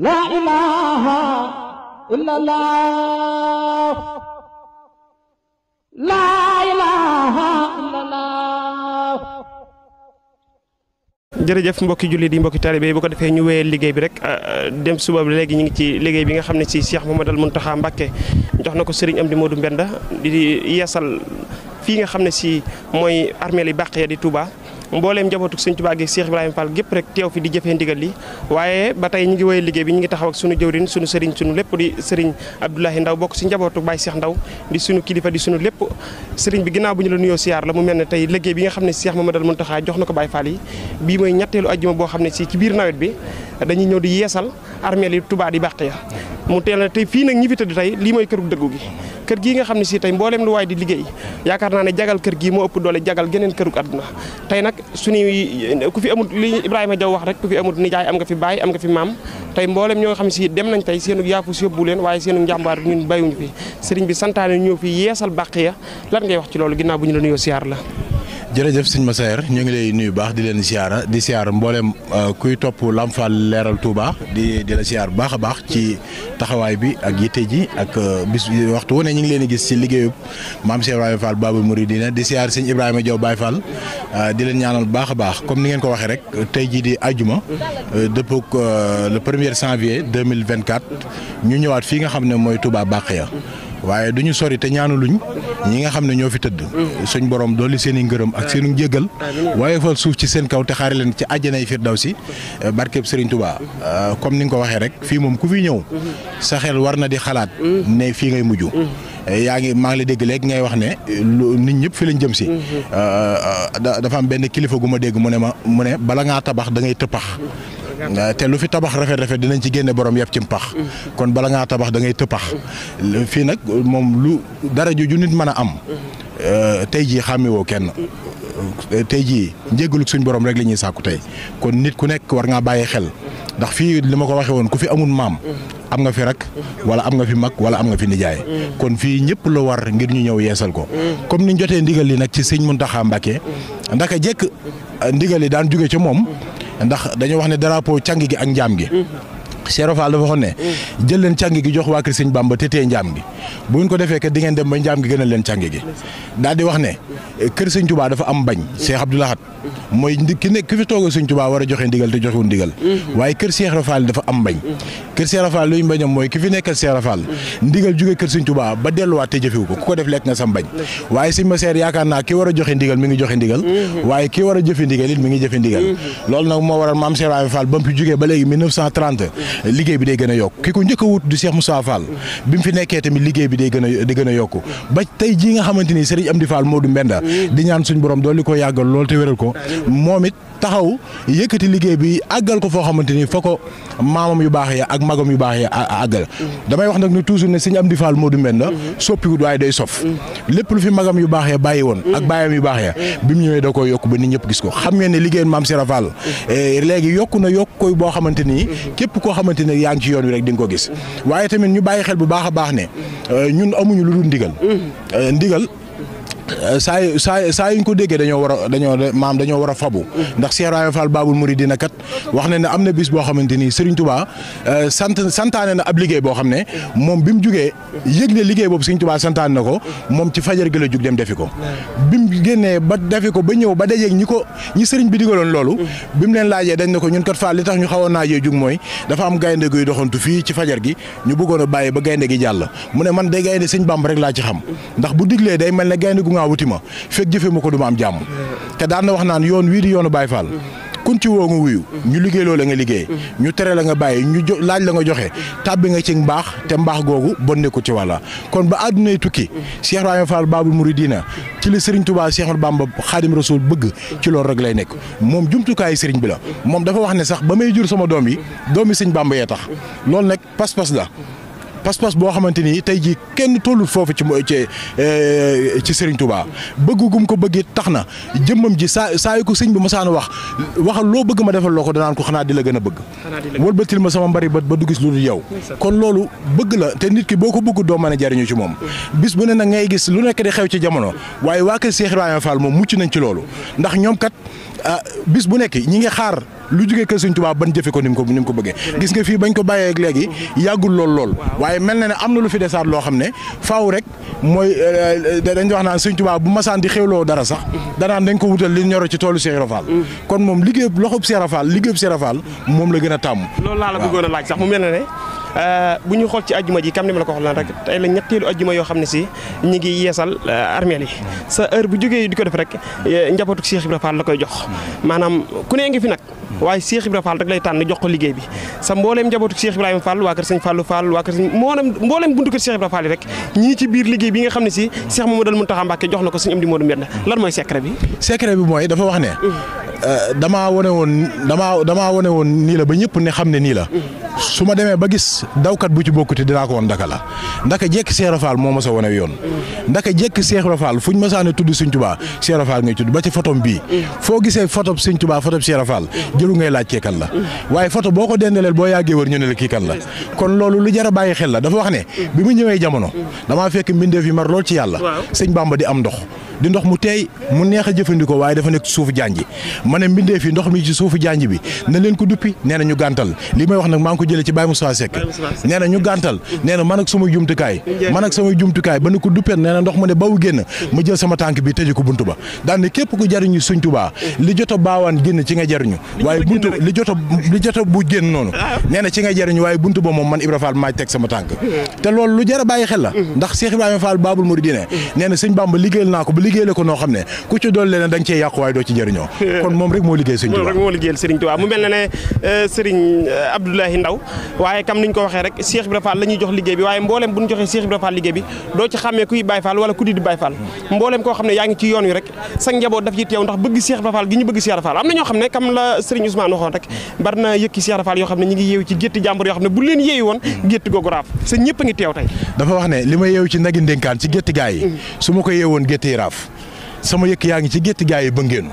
La ilaha illallah La ilaha illallah jerejeuf mbokki julli di mbokki talibé bu ko defee ñu wéyal liggéey bi rek euh, dem suba légui ñi ngi ci liggéey bi nga xamné ci cheikh Cheikh al muntaha Mbacké jox nako Serigne Amdi Modou Mbenda di yassal fi nga xamné ci moy armée li baqiya ya di Touba mbooleem njabootu Sëñ Tuubaa gi Cheikh Ibrahima Fall gépp rek teew fi di jëfee ndigal li waaye ba tey ñu ngi woy liggéey bi ñu ngi taxaw ak sunu jëwrin sunu sëriñ sunu lépp di sëriñ Abdoulahi Ndaw bokk si njabootu Baye Cheikh Ndaw di sunu kilifa di sunu lépp sëriñ bi ginnaaw bu ñu la nuyoo siyaar la mu mel ne tey liggéey bi nga xam ne Cheikh Mamadou Mountakha jox na ko Baye Fall yi bii mooy ñetteelu ajjuma boo xam ne si ci biir nawet bi dañu ñëw di yeesal armeel yi Tuubaa di bàq mu teel tey fii nag ñi fi tëdd tey lii mooy kërug dëggu gi kër gii nga xam ne si tey mbooleem lu waay di liggéey yaakaar naa ne jagal kër gi moo ëpp doole jagal geneen këruk àdduna tey nag suñuy ku fi amul li a Diaw wax rek ku fi amul nijaay am nga fi baay am nga fi maam tey mbooleem ñoo xam ne si dem nañ tey seenu yaafus yóbbu leen waaye seenu njàmbaar ñun bayuñu fi sëriñ bi santaane ñëw fi yeesal bàq ya lan ngay wax ci loolu ginnaaw bu ñu la nuyoo siyaar la jërëjëf sëñ Massaer ñoo ngi lay nuyu baax di leen siyaara di siyaar mboolem euh, kuy topp Lamp Fall leeral Touba di di la siyaar bu baax a baax ci taxawaay bi ak yitte ji ak euh, bis waxtu wu ne ñu ngi leen di gis ci liggéeyub maam Cheikh Ibrahima Fall Babou Mouridina di siyaar sëñ Ibrahima Diaw Baye Fall euh, di leen ñaanal bu baax a baax comme ni ngeen ko waxee rek tey jii di ajuma depuis le premier janvier 2024 ñu ñëwaat fii nga xam ne mooy baax ya waaye du ñu sori te ñaanu ñaanuluñ ñi nga xam ne ñoo fi tëdd. suñ borom dool li seeni ngërëm ak seen i njëgal. waaye fal suuf ci seen kaw te xaari leen ci àjjanay Firdawsi barkeb Serigne Touba. Euh, comme ni nga ko waxee rek fii moom ku fi ñëw. sa war na di xalaat. ne fii ngay mujj. yaa ngi maa la dégg léegi ngay wax ne lu nit ñëpp fi lañ jëm si. Euh, euh, dafa am benn kilifa gu ma dégg mu ne ma mu ne bala ngaa tabax dangay tëppax. Telo lu fi tabax rafet rafet dinañ ci génne borom yab ci mpax mm-hmm. kon bala ngaa tabax da ngay tëpax mm-hmm. fii nag mom lu dara ju am mm-hmm. euh, tey jii xàmmiwoo kenn euh, tey jii njéggaluk borom rek la ñuy kon nit ku nekk war ngaa bàyyi xel ndax fii li ma ko waxee ku fi amul am nga fi rak wala am nga fi mag wala am nga fi nijaay kon fii ñëpp la war ngir ñu ñëw ko comme ni jotee ndigal li nag ci sëñ Muntaxa Mbàkke ndaka jekk ndigal li daan jóge ci ndax dañoo wax ne drapeau càng gi ak njaam gi Cheikh Fall dafa waxoon ne mm. jël leen càng gi jox waa kër Sëñ Bamba te tee njaam gi bu ngeen ko defee kat di dem ba njaam gi gënal leen càng gi daal di wax ne kër Sëñ Touba dafa am bañ Cheikh Abdou a mm-hmm. dafa am bañ mm-hmm. mm-hmm. ba delluwaat te jëfewu ko ku ko def lekk nga sam bañ waaye sëñ ma seer yaakaar naa ki war a joxe ndigal mi ngi joxe ndigal waaye ki war a jëfe ndigal it ngi jëfe ndigal loolu nag moo waral maam Cheikh Fall ba fi jógee ba léegi liggéey bi day gën a yokk ki ko njëkk a wut di Cheikh Moussa Fall bi mu fi nekkee tamit liggéey bi day gën a di gën a yokku ba ni Serigne di ñaan suñ borom dool li ko yàggal lool te wéral ko moom it liggéey bi àggal ko foo xamante ni fa ko maamam yu baax ya ak magam yu baax ya àggal damay wax nag ne toujours ne Serigne Amdi Fall Modou Mbenda soppiwut waaye day sof lépp lu fi magam yu baax ya bàyyi woon ak bàyyam yu baax ya bi mu ñëwee da koo yokk ba nit ñëpp gis ko xam ngeen ne liggéey Maam Sera Fall eh, léegi yokku na yokk koy boo xamante képp ko xamante ne yaa ngi ci yoon wi rek di nga ko gis waaye tamit ñu bàyyi xel bu baax a baax ne euh, ñun amuñu lu dul ndigal mm. euh, ndigal saa yu saa saa yuñ ko déggee dañoo war a dañoo maam war a fabu ndax Cheikh Ibrahima Fall Babul Mouridina kat wax na am na bis boo xamante ni Serigne Touba euh, santaane na ab liggéey boo xam ne moom bi mu jugee yëg ne liggéey boobu Serigne Touba santaane na ko moom ci fajar gi la jug dem defi ko. bi mu génnee ba defi ko ba ñëw ba dajeeg ñi ko ñi Serigne bi digaloon loolu. bi mu leen laajee dañ ne ko ñun kat Fall li tax ñu xawoon naa yee mooy dafa am gaynde a ba gaynde gi jàll mu ne man day gaynde Serigne Bamba rek ngaa wuti ma fekk jëfe ma ko du ma am jàmm te daan na wax naan yoon wii di yoonu Baye Fall kun ci woo nga wuyu ñu liggéey loo la nga liggéey ñu tere la nga bàyyi ñu laaj la nga joxe tàbbi nga ci mbaax te mbaax googu bon ne ko ci wàlla kon ba àddunay tukki Cheikh Ibrahima Fall Babul diina ci la Serigne Touba Cheikh Bamba Khadim Rasoul bëgg ci loolu rek lay nekk moom jumtukaayu Serigne bi la moom dafa wax ne sax ba may jur sama doom yi doomi Serigne Bamba yee tax loolu nag pas la pas-pas boo xamante ni tey ji kenn tollul foofu ci ci eh, ci Serigne Touba bëgg ko bëggee tax na jëmmam ji saa saa yu ko sëñ bi mosaan wax waxal loo bëgg ma defal loo ko danaan ko xanaa di la gën a bëgg. wëlbatil ma sama mbari bët ba du gis lu dul yow. kon loolu bëgg la te nit ki boo ko bëgg doo mën jariñu ci moom. bis bu ne nag ngay gis lu nekk di xew ci jamono waaye waa kër Cheikh Ibrahima Fall moom mucc nañ ci loolu ndax ñoom kat ah, bis bu nekk ñi ngi xaar. lu jógee kër Sëñ Tuubaa ban jëfe ko ni mu ko ni mu ko bëggee gis nga fii bañ ko bàyyee ak léegi yàggul lool lool waaye mel na ne am na lu fi desaat loo xam ne faaw rek mooy euh, euh, dañ wax naan Sëñ Tuubaa bu masaan di xewloo dara sax mm-hmm. danaan dañ ko wutal li ñoro ci toolu Cheikh Rafal mm-hmm. kon moom liggéey loxob Cheikh Rafal liggéeyub Cheikh Rafal moom la gën a tàmm loolu laa la bëggoon a laaj mu mel na ne euh, bu ñu xool ci ajjuma ji kam ni ma la ko xool rek tey la ñetteelu ajjuma yoo xam ne si ñu ngi yeesal armeel yi sa heure bu jógee di ko def rek njabootu Cheikh Ibrahima Fall la koy jox mm-hmm. maanaam ku ne ngi fi nag waaye Cheikh Ibrahima Fall rek lay tànn jox ko liggéey bi sa mbooleem njabootu Cheikh Ibrahima Fall waa kër sëñ Fallou Fall waa kër mbooleem buntu kër Cheikh Ibrahima Fall rek ñii biir liggéey bi nga xam ne si Cheikh Mamadou Mountakha Mbacké jox na ko sëñ Amdi Modou Mbène lan mooy secret bi secret bi mooy dafa wax ne mm. euh, damaa wane woon damaa damaa wane woon nii la ba ñëpp ne xam ne nii la mm. su ma demee ba gis dawkat bu ci bokkute dinaa ko woon daka la ndaka jekk Cheikh Fall moo ma sa wane yoon ndaka jekk Cheikh Fall fuñ ma saane tudd Sëñ Tuubaa Cheikh Fall tudd ba ci photom bii foo gisee photob Sëñ foto photob Cheikh Fall jëlu ngay laaj kee la waaye foto boo ko dendalee boo yàggee wër ñu ne la kii kan la kon loolu lu jar bàyyi xel la dafa wax ne bi mu ñëwee jamono damaa fekk mbindeef yi mar lool ci yàlla sëñ ba di am dox di ndox mu teey mu neex a jëfandikoo waaye dafa nekk suufu janj ma ne mbindee ndox mi ci suufu janj bi na leen ko duppi nee ñu gàntal li may wax nag maa ko jëlee ci Baye Moussa Seck nee na ñu gàntal nee man ak samay jumtukaay man ak samay jumtukaay ba na duppeen nee ndox ma ne bawu génn ma jël sama tànk bi tëj ko buntu ba daan ne képp ku jariñu Sëñ Tuubaa li jot a baawaan génn ci nga jariñu ah. waaye buntu a a ba moom man Ibra Fall maa teg sama hmm. a liggéeyale ko noo xam ne ku ci dool leen da cee yàqu doo ci jëriñoo kon moom rek moo liggéey sëriñ Tuubaa moom mu mel ne euh, ne sëriñ euh, Abdoulahi Ndaw waaye kam niñ ko waxee rek Cheikh Ibra Fall la jox liggéey bi waaye mboolem bu ñu joxee Cheikh Ibra Fall liggéey bi doo ci xàmmee kuy Baay Fall wala ku di di Baay Fall mboolem koo xam ne yaa ngi ci yoon wi rek sa njaboot daf ci teew ndax bëgg Cheikh Ibra Fall am na ñoo xam ne kam la sëriñ Ousmane sama yëkk yaa ngi ci gétti gaa yi bëngeenu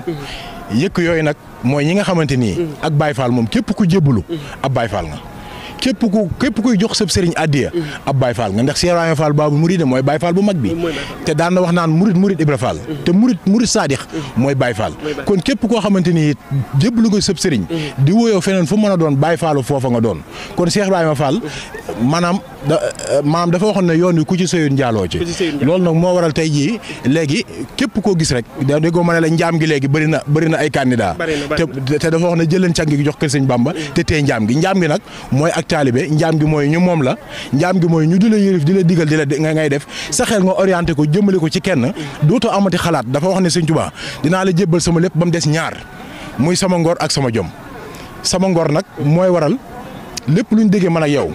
yëkk yooyu nag mooy ñi nga xamante nii mm. ak baay Fall moom képp ku jébbalu mm. ab Baye Fall nga képp ku képp kuy jox sab sëriñ addiya mm. ab Baye Fall nga ndax Cheikh Ibrahima Fall baabu murid mooy Baye Fall bu mag bi te daan na wax naan murid murid Ibra Fall te murid murid Sadix mooy Baye Fall kon képp koo xamante ni jébbalu nga sab sëriñ di wóyoo feneen fu mën a doon Baye Fallu foofa nga doon kon Cheikh Ibrahima Fall maanaam da maam dafa waxoon ne yoon wi ku ci sëyun njaaloo ci loolu nag moo waral tey jii léegi képp koo gis rek da déggoo ma ne la njaam gi léegi bëri na bëri na ay candidat te dafa wax ne jëleen càng gi jox kër sëñ Bamba mm. te tey njaam gi njaam gi nag mooy ak taalibe njaam gi mooy ñu moom la njaam gi mooy ñu di la yërif di la digal di la nga ngay def sa xel nga orienté ko jëmale ko ci kenn mm. dootoo amati xalaat dafa wax ne sëñ Tuubaa dinaa la jébbal sama lépp ba mu ñaar muy sama ngor ak sama jom sama ngor nag mooy waral lépp luñ déggee man ak yow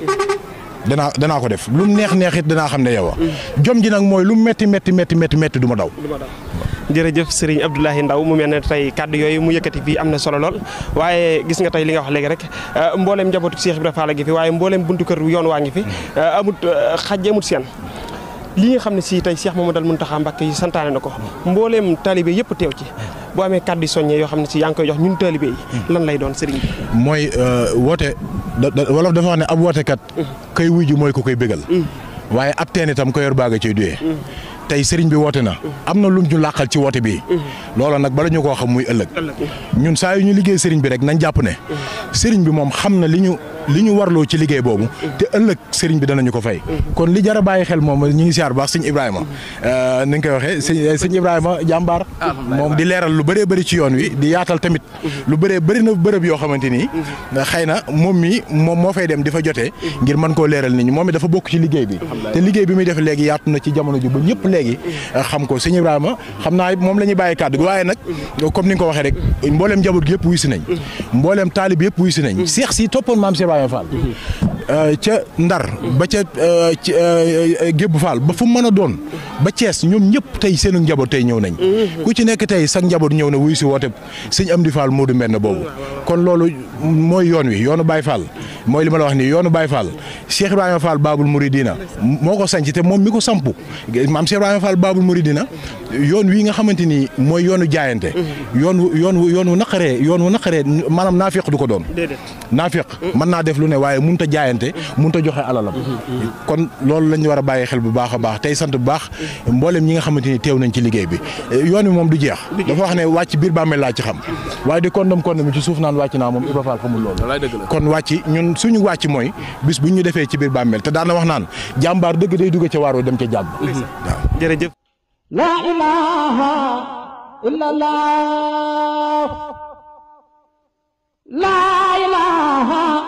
dana dana ko def lu neex neexit dana xamne yow jom ji nak moy lu metti metti metti metti metti duma daw jeuf Serigne abdullahi Ndaw mu melne tay kaddu yoy mu yëkkati fi amna solo lol waye gis nga tay li nga wax legi rek euh, mbollem jabotou Cheikh Ibrahima fallagi fi waye mbollem buntu keur yoon waangi fi euh, amut euh, xaj amut seen li nga xamne si tay Cheikh Mamadou Al Mountakha Mbacké yi santaane na ko talibé yëpp ci boo amee kàddu soññee yoo xam ne si yaa ngi koy jox ñun taalibe yi hmm. lan lay doon sëriñ bi mooy euh, woote wolof dafa wax ne ab wootekat hmm. kay wujju mooy ku koy bégal hmm. waaye ab teen itam ko yor baaga ciy duyee tey sëriñ bi woote na am na lum ñu làqal ci woote bi loolu nag bala ñu koo xam muy ëllëg ñun saa yu ñu liggéey sëriñ bi rek nañ jàpp ne sëriñ bi moom xam na li ñu li ñu warloo ci liggéey bobu te ëlëk sëriñ bi danañu ko fay kon li jara baye xel mom ñi ngi ziar ba sëriñ ibrahima euh ni nga koy waxee sëñ Ibrahima jambar mom di léral lu bëré bëri ci yoon wi di yaatal tamit lu bëré bëri na bërëb yo xamanteni xeyna mom mi mom mo fay dem difa fa ngir man ko léral nit ñi mom mi dafa bokku ci liggéey bi te liggéey bi mi def légui yaatu na ci jamono ju bu ñëpp légui xam ko sëriñ Ibrahima xamna mom lañuy baye kàddu waye nak comme ni nga ko waxee rek mbooleem jabut gi yëpp wuy si nañ mbooleem taalib yëpp wuy cheikh si mam nañ É Fall Euh, ca Ndar ba ca euh, euh, Gébu Faal ba fu mën a doon ba Cees ñoom ñëpp tey seenu njaboot tey ñëw nañ mhm. ku ci nekk tey sax njaboot ñëw na wuy si woote sëñ Amdi Faal Moodu na boobu mhm. kon loolu mooy yoon wi yoon u Baay Faal mooy li ma la wax nii yoonu Baay Faal Cheikh Ibrahima Fall Baabul Muridina moo ko sanc moom mi ko samp maam Cheikh Ibrahima Fall Baabul Muridina yoon wi nga xamante ni mooy yoonu jaayante mhm. yoon wu yoon wu yoon wu naqaree yoon wu naqaree maanaam naafiq du ko doon naafiq mën naa def lu ne waaye mënut ta jaayante jaayante mënut a joxe alalam kon loolu lañ war a bàyyi xel bu baax a baax tey sant bu baax mboolem ñi nga xamante ni teew nañ ci liggéey bi yoon wi moom du jeex dafa wax ne wàcc biir bàmmeel laa ci xam waaye di kondam kondam ci suuf naan wàcc naa moom Iba kon wàcc ñun suñu wàcc mooy bis bu ñu defee ci biir bàmmeel te daana wax naan jàmbaar dëgg day dugg ca waar dem ca jàmm la la ilaha